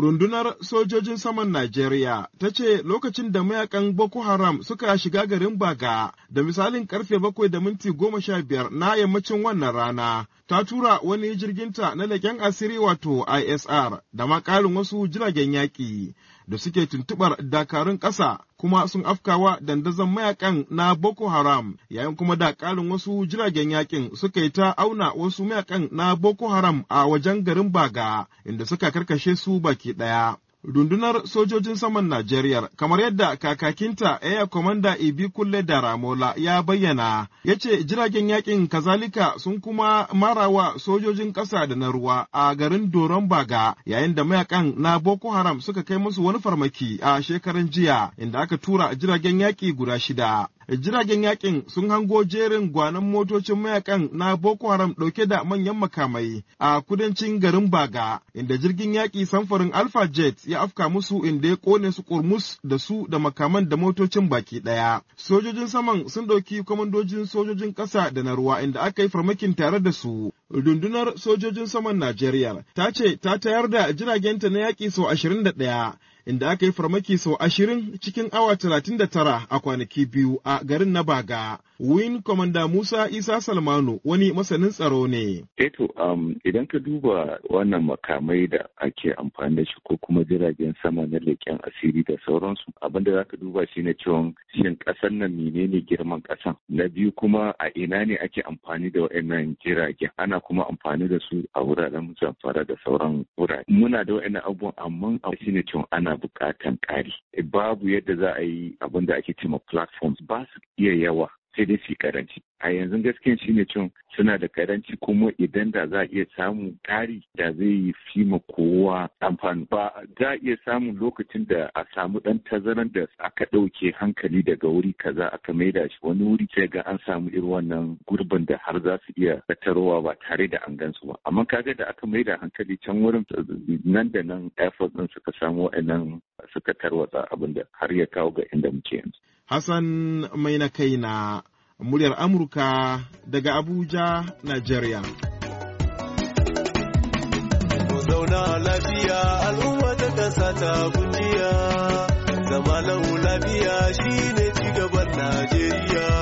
Rundunar sojojin saman Najeriya ta ce lokacin da mayakan Boko Haram suka shiga garin Baga da misalin karfe bakwai da minti goma sha biyar na yammacin wannan rana ta tura wani jirginta na leƙen asiri wato ISR da ma ƙarin wasu jiragen yaƙi da suke tuntuɓar dakarun ƙasa kuma sun afkawa dandazon mayakan na Boko Haram yayin kuma da ƙarin wasu jiragen yaƙin suka yi ta auna wasu mayakan na Boko Haram a wajen garin Baga inda suka karkashe su baki ɗaya. rundunar sojojin saman Najeriya, kamar yadda kakakinta Air Commander Ibi Kulle da Ramola ya bayyana, ya ce jiragen yakin kazalika sun kuma marawa sojojin ƙasa da na ruwa a garin Doron Baga, yayin da mayakan na Boko Haram suka kai musu wani farmaki a shekaran jiya, inda aka tura jiragen yaƙi guda shida. jiragen yakin sun hango jerin gwanon motocin mayakan na Boko Haram ɗauke da manyan makamai a kudancin garin Baga, inda jirgin yaƙi samfurin Alpha Jet ya afka musu inda ya kone su ƙurmus da su da makaman da motocin baki ɗaya. Sojojin saman sun ɗauki kwamandojin sojojin ƙasa da na ruwa inda aka yi farmakin tare da su. Rundunar sojojin saman Najeriya ta ce ta tayar da jiragenta na yaƙi sau ashirin da ɗaya. inda aka yi farmaki sau ashirin cikin awa talatin da tara a kwanaki biyu a garin na Baga. Win Commander Musa Isa Salmanu wani masanin tsaro ne. Eto, eh um, idan ka duba wannan makamai da ake amfani da shi ko kuma jiragen sama na leƙen asiri da sauransu, abin da za ka duba shi ne cewa shin ƙasar nan menene girman ƙasan. Na biyu kuma a ina ne ake amfani da wa'annan jiragen, ana kuma amfani da su a wuraren zamfara da sauran wurare. Muna da wa'annan abubuwan amma a shi ne cewa ana buƙatan ƙari. Babu yadda za a yi abin da ake cewa platforms ba su iya yawa sai dai su karanci a yanzu gaskiyan shine cin suna da karanci kuma idan da za a iya samu ƙari da zai yi fi ma kowa amfani ba za a iya samun lokacin da a samu ɗan tazaran da aka ɗauke hankali daga wuri kaza aka maida shi wani wuri sai ga an samu irin wannan gurbin da har za su iya tattarowa ba tare da an gansu ba amma kaga da aka maida hankali can wurin nan da nan effort din suka samu wa'annan suka tarwatsa abin da har ya kawo ga inda muke yanzu. Hassan mai na kaina muryar Amurka daga Abuja, Najeriya. zauna lafiya al'umma ta kasa ta kujiya zama lau lafiya shine cigaban Najeriya.